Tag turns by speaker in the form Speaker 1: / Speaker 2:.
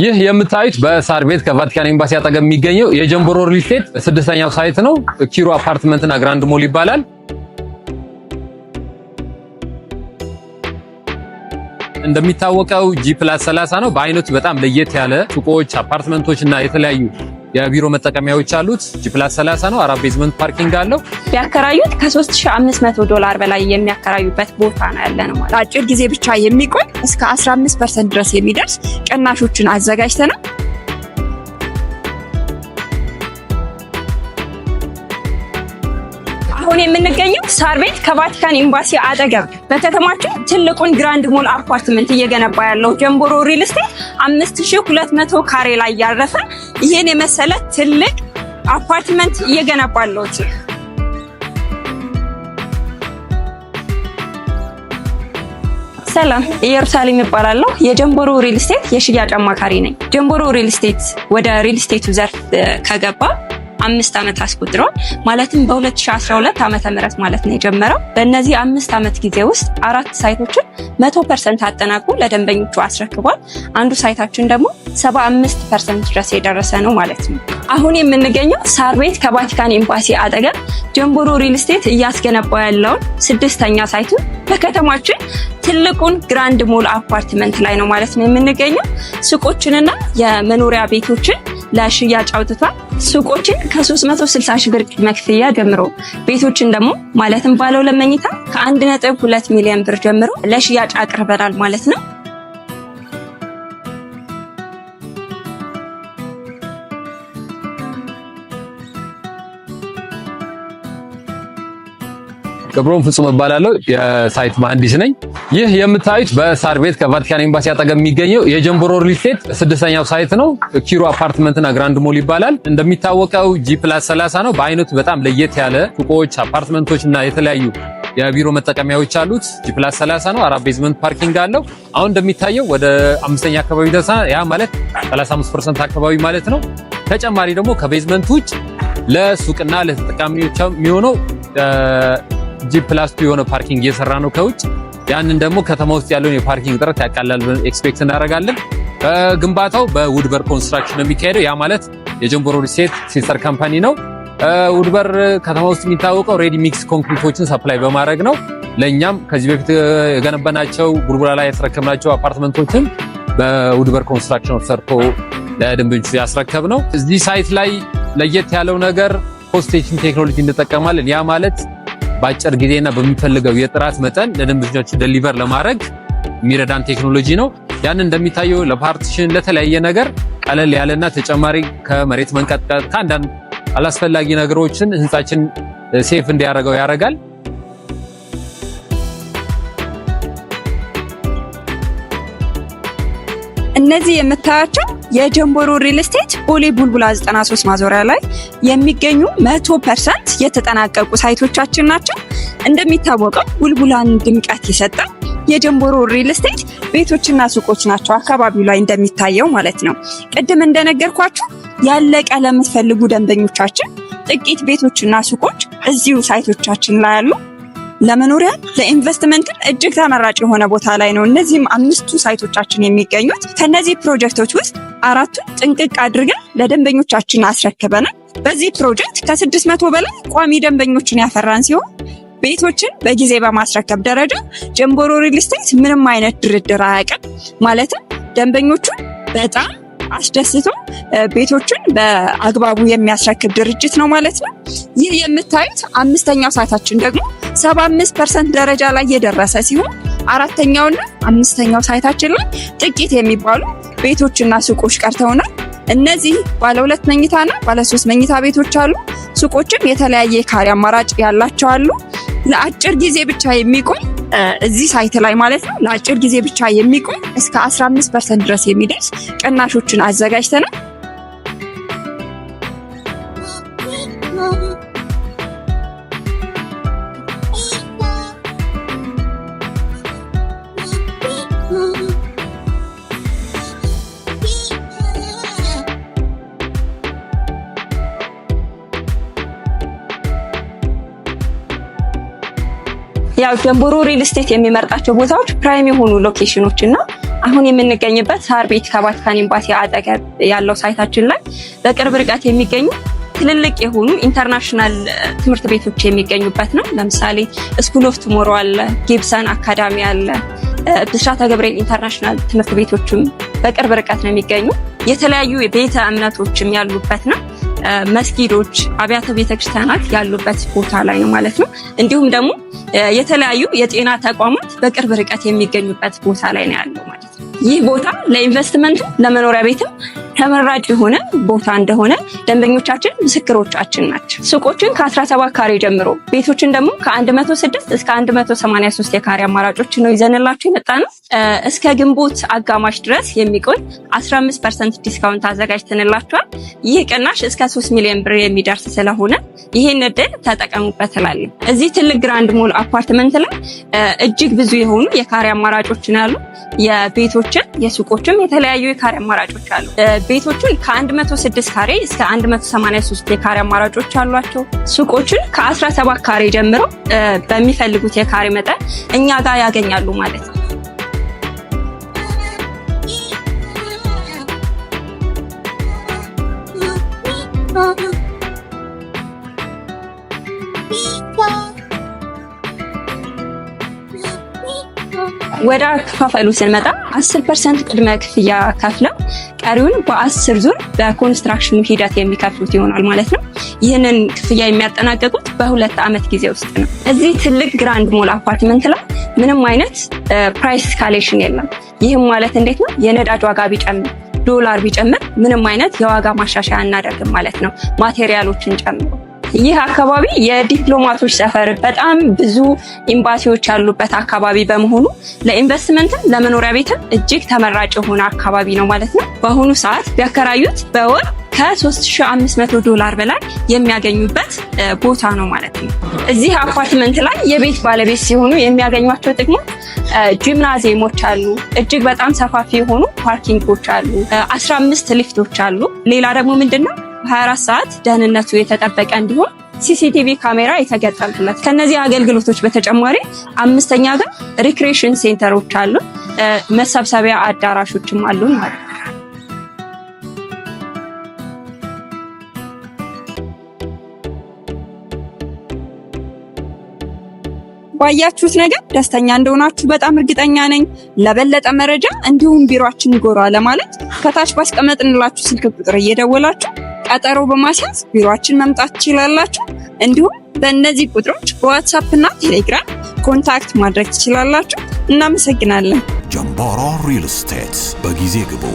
Speaker 1: ይህ የምታዩት በሳር ቤት ከቫቲካን ኤምባሲ አጠገብ የሚገኘው የጀንቦሮ ሪል ስቴት ስድስተኛው ሳይት ነው። ኪሮ አፓርትመንትና ግራንድ ሞል ይባላል። እንደሚታወቀው ጂ ፕላስ 30 ነው። በአይነቱ በጣም ለየት ያለ ሱቆች፣ አፓርትመንቶች እና የተለያዩ የቢሮ መጠቀሚያዎች አሉት። ጂፕላስ 30 ነው። አራት ቤዝመንት ፓርኪንግ አለው።
Speaker 2: ቢያከራዩት ከ3500 ዶላር በላይ የሚያከራዩበት ቦታ ነው ያለ ነው ማለት። አጭር ጊዜ ብቻ የሚቆይ እስከ 15% ድረስ የሚደርስ ቅናሾችን አዘጋጅተናል። አሁን የምንገኘው ሳር ቤት ከቫቲካን ኤምባሲ አጠገብ በከተማችን ትልቁን ግራንድ ሞል አፓርትመንት እየገነባ ያለው ጀምቦሮ ሪል ስቴት 5200 ካሬ ላይ ያረፈ ይህን የመሰለ ትልቅ አፓርትመንት እዚህ። ሰላም ኢየሩሳሌም እባላለሁ። የጀንቦሮ ሪል ስቴት የሽያጭ አማካሪ ነኝ። ጀንቦሮ ሪል ስቴት ወደ ሪል ስቴቱ ዘርፍ ከገባ አምስት ዓመት አስቆጥሯል። ማለትም በ2012 ዓመተ ምህረት ማለት ነው የጀመረው። በእነዚህ አምስት ዓመት ጊዜ ውስጥ አራት ሳይቶችን መቶ ፐርሰንት አጠናቁ ለደንበኞቹ አስረክቧል። አንዱ ሳይታችን ደግሞ ሰባ ፐርሰንት ድረስ የደረሰ ነው ማለት ነው። አሁን የምንገኘው ሳር ቤት ከቫቲካን ኤምባሲ አጠገብ ጀምቦሮ ሪል ስቴት እያስገነባ ያለውን ስድስተኛ ሳይቱን በከተማችን ትልቁን ግራንድ ሞል አፓርትመንት ላይ ነው ማለት ነው የምንገኘው ሱቆችንና የመኖሪያ ቤቶችን ለሽያጭ አውጥቷል። ሱቆችን ከ360 ሺህ ብር ቅድመ ጀምሮ ቤቶችን ደግሞ ማለትም ባለው ለመኝታ ከ1.2 ሚሊዮን ብር ጀምሮ ለሽያጭ አቅርበናል ማለት ነው።
Speaker 1: ክብሮም ፍጹም እባላለሁ። የሳይት መሀንዲስ ነኝ። ይህ የምታዩት በሳር ቤት ከቫቲካን ኤምባሲ አጠገብ የሚገኘው የጀምቦሮ ሪልስቴት ስድስተኛው ሳይት ነው። ኪሮ አፓርትመንትና ግራንድ ሞል ይባላል። እንደሚታወቀው ጂ ፕላስ 30 ነው። በአይነቱ በጣም ለየት ያለ ሱቆች፣ አፓርትመንቶች እና የተለያዩ የቢሮ መጠቀሚያዎች አሉት። ጂ ፕላስ 30 ነው። አራት ቤዝመንት ፓርኪንግ አለው። አሁን እንደሚታየው ወደ አምስተኛ አካባቢ ደርሰናል። ያ ማለት 35% አካባቢ ማለት ነው። ተጨማሪ ደግሞ ከቤዝመንት ውጭ ለሱቅና ለተጠቃሚዎች የሚሆነው ጂ ፕላስ የሆነ ፓርኪንግ እየሰራ ነው ከውጭ ያንን ደግሞ ከተማ ውስጥ ያለውን የፓርኪንግ ጥረት ያቃላል ኤክስፔክት እናደርጋለን። ግንባታው በውድበር ኮንስትራክሽን ነው የሚካሄደው። ያ ማለት የጀንቦሮ ሪሴት ሲስተር ካምፓኒ ነው። ውድበር ከተማ ውስጥ የሚታወቀው ሬዲ ሚክስ ኮንክሪቶችን ሰፕላይ በማድረግ ነው። ለእኛም ከዚህ በፊት የገነበናቸው ቡልቡላ ላይ ያስረከብናቸው አፓርትመንቶችን በውድበር ኮንስትራክሽን ሰርቶ ለደንበኞቹ ያስረከብ ነው። እዚህ ሳይት ላይ ለየት ያለው ነገር ፖስቴሽን ቴክኖሎጂ እንጠቀማለን። ያ ማለት በአጭር ጊዜና በሚፈልገው የጥራት መጠን ለደንበኞች ደሊቨር ለማድረግ የሚረዳን ቴክኖሎጂ ነው። ያን እንደሚታየው ለፓርቲሽን፣ ለተለያየ ነገር ቀለል ያለና ተጨማሪ ከመሬት መንቀጥቀጥ ከአንዳንድ አላስፈላጊ ነገሮችን ህንፃችን ሴፍ እንዲያደርገው ያደርጋል።
Speaker 2: እነዚህ የምታያቸው የጀንቦሮ ሪል ስቴት ቦሌ ቡልቡላ 93 ማዞሪያ ላይ የሚገኙ 100 ፐርሰንት የተጠናቀቁ ሳይቶቻችን ናቸው። እንደሚታወቀው ቡልቡላን ድምቀት የሰጠው የጀንቦሮ ሪል ስቴት ቤቶችና ሱቆች ናቸው፣ አካባቢው ላይ እንደሚታየው ማለት ነው። ቅድም እንደነገርኳችሁ ያለቀ ለምትፈልጉ ደንበኞቻችን ጥቂት ቤቶችና ሱቆች እዚሁ ሳይቶቻችን ላይ አሉ። ለመኖሪያ ለኢንቨስትመንትም እጅግ ተመራጭ የሆነ ቦታ ላይ ነው እነዚህም አምስቱ ሳይቶቻችን የሚገኙት። ከእነዚህ ፕሮጀክቶች ውስጥ አራቱን ጥንቅቅ አድርገን ለደንበኞቻችን አስረክበናል። በዚህ ፕሮጀክት ከስድስት መቶ በላይ ቋሚ ደንበኞችን ያፈራን ሲሆን ቤቶችን በጊዜ በማስረከብ ደረጃ ጀምቦሮ ሪል ስቴት ምንም አይነት ድርድር አያውቅም። ማለትም ደንበኞቹን በጣም አስደስቶ ቤቶችን በአግባቡ የሚያስረክብ ድርጅት ነው ማለት ነው። ይህ የምታዩት አምስተኛው ሳይታችን ደግሞ 75 ፐርሰንት ደረጃ ላይ የደረሰ ሲሆን አራተኛውና አምስተኛው ሳይታችን ላይ ጥቂት የሚባሉ ቤቶችና ሱቆች ቀርተውናል። እነዚህ ባለ ሁለት መኝታና ባለ ሶስት መኝታ ቤቶች አሉ። ሱቆችም የተለያየ ካሬ አማራጭ ያላቸው አሉ። ለአጭር ጊዜ ብቻ የሚቆይ እዚህ ሳይት ላይ ማለት ነው። ለአጭር ጊዜ ብቻ የሚቆይ እስከ 15 ፐርሰንት ድረስ የሚደርስ ቅናሾችን አዘጋጅተናል። ያው ጀንቦሮ ሪል ስቴት የሚመርጣቸው ቦታዎች ፕራይም የሆኑ ሎኬሽኖች እና አሁን የምንገኝበት ሳር ቤት ከቫቲካን ኤምባሲ አጠገብ ያለው ሳይታችን ላይ በቅርብ ርቀት የሚገኙ ትልልቅ የሆኑ ኢንተርናሽናል ትምህርት ቤቶች የሚገኙበት ነው። ለምሳሌ ስኩል ኦፍ ቱሞሮ አለ፣ ጊብሰን አካዳሚ አለ፣ ብስራተ ገብርኤል ኢንተርናሽናል ትምህርት ቤቶችም በቅርብ ርቀት ነው የሚገኙ። የተለያዩ ቤተ እምነቶችም ያሉበት ነው። መስጊዶች፣ አብያተ ቤተክርስቲያናት ያሉበት ቦታ ላይ ነው ማለት ነው። እንዲሁም ደግሞ የተለያዩ የጤና ተቋማት በቅርብ ርቀት የሚገኙበት ቦታ ላይ ነው ያለው ማለት ነው። ይህ ቦታ ለኢንቨስትመንቱ ለመኖሪያ ቤትም ተመራጭ የሆነ ቦታ እንደሆነ ደንበኞቻችን ምስክሮቻችን ናቸው። ሱቆችን ከ17 ካሬ ጀምሮ ቤቶችን ደግሞ ከ106 እስከ 183 የካሬ አማራጮች ነው ይዘንላቸው የመጣ ነው። እስከ ግንቦት አጋማሽ ድረስ የሚቆይ 15 ፐርሰንት ዲስካውንት አዘጋጅትንላቸዋል። ይህ ቅናሽ እስከ 3 ሚሊዮን ብር የሚደርስ ስለሆነ ይህን እድል ተጠቀሙበት እላለሁ። እዚህ ትልቅ ግራንድ ሞል አፓርትመንት ላይ እጅግ ብዙ የሆኑ የካሬ አማራጮችን አሉ። የቤቶችን የሱቆችም የተለያዩ የካሬ አማራጮች አሉ። ቤቶቹን ከ106 ካሬ እስከ 183 የካሬ አማራጮች አሏቸው። ሱቆቹን ከ17 ካሬ ጀምሮ በሚፈልጉት የካሬ መጠን እኛ ጋር ያገኛሉ ማለት ነው። Oh, ወደ አከፋፈሉ ስንመጣ 10 ፐርሰንት ቅድመ ክፍያ ከፍለው ቀሪውን በአስር ዙር በኮንስትራክሽኑ ሂደት የሚከፍሉት ይሆናል ማለት ነው። ይህንን ክፍያ የሚያጠናቀቁት በሁለት ዓመት ጊዜ ውስጥ ነው። እዚህ ትልቅ ግራንድ ሞል አፓርትመንት ላይ ምንም አይነት ፕራይስ ስካሌሽን የለም። ይህም ማለት እንዴት ነው? የነዳጅ ዋጋ ቢጨምር ዶላር ቢጨምር ምንም አይነት የዋጋ ማሻሻያ አናደርግም ማለት ነው፣ ማቴሪያሎችን ጨምሮ ይህ አካባቢ የዲፕሎማቶች ሰፈር በጣም ብዙ ኤምባሲዎች ያሉበት አካባቢ በመሆኑ ለኢንቨስትመንትም ለመኖሪያ ቤትም እጅግ ተመራጭ የሆነ አካባቢ ነው ማለት ነው። በአሁኑ ሰዓት ቢያከራዩት በወር ከ3500 ዶላር በላይ የሚያገኙበት ቦታ ነው ማለት ነው። እዚህ አፓርትመንት ላይ የቤት ባለቤት ሲሆኑ የሚያገኟቸው ጥቅሞች ጂምናዚየሞች አሉ፣ እጅግ በጣም ሰፋፊ የሆኑ ፓርኪንጎች አሉ፣ 15 ሊፍቶች አሉ። ሌላ ደግሞ ምንድን ነው 24 ሰዓት ደህንነቱ የተጠበቀ እንዲሁም ሲሲቲቪ ካሜራ የተገጠመለት። ከነዚህ አገልግሎቶች በተጨማሪ አምስተኛ ግን ሪክሬሽን ሴንተሮች አሉ። መሰብሰቢያ አዳራሾችም አሉ ማለት ነው። ባያችሁት ነገር ደስተኛ እንደሆናችሁ በጣም እርግጠኛ ነኝ። ለበለጠ መረጃ እንዲሁም ቢሮችን ጎራ ለማለት ከታች ባስቀመጥንላችሁ ስልክ ቁጥር እየደወላችሁ ቀጠሮ በማስያዝ ቢሮችን መምጣት ትችላላችሁ። እንዲሁም በእነዚህ ቁጥሮች በዋትሳፕ እና ቴሌግራም ኮንታክት ማድረግ ትችላላችሁ። እናመሰግናለን። ጀምባራ ሪል ስቴት በጊዜ ግቡ።